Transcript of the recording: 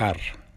xaar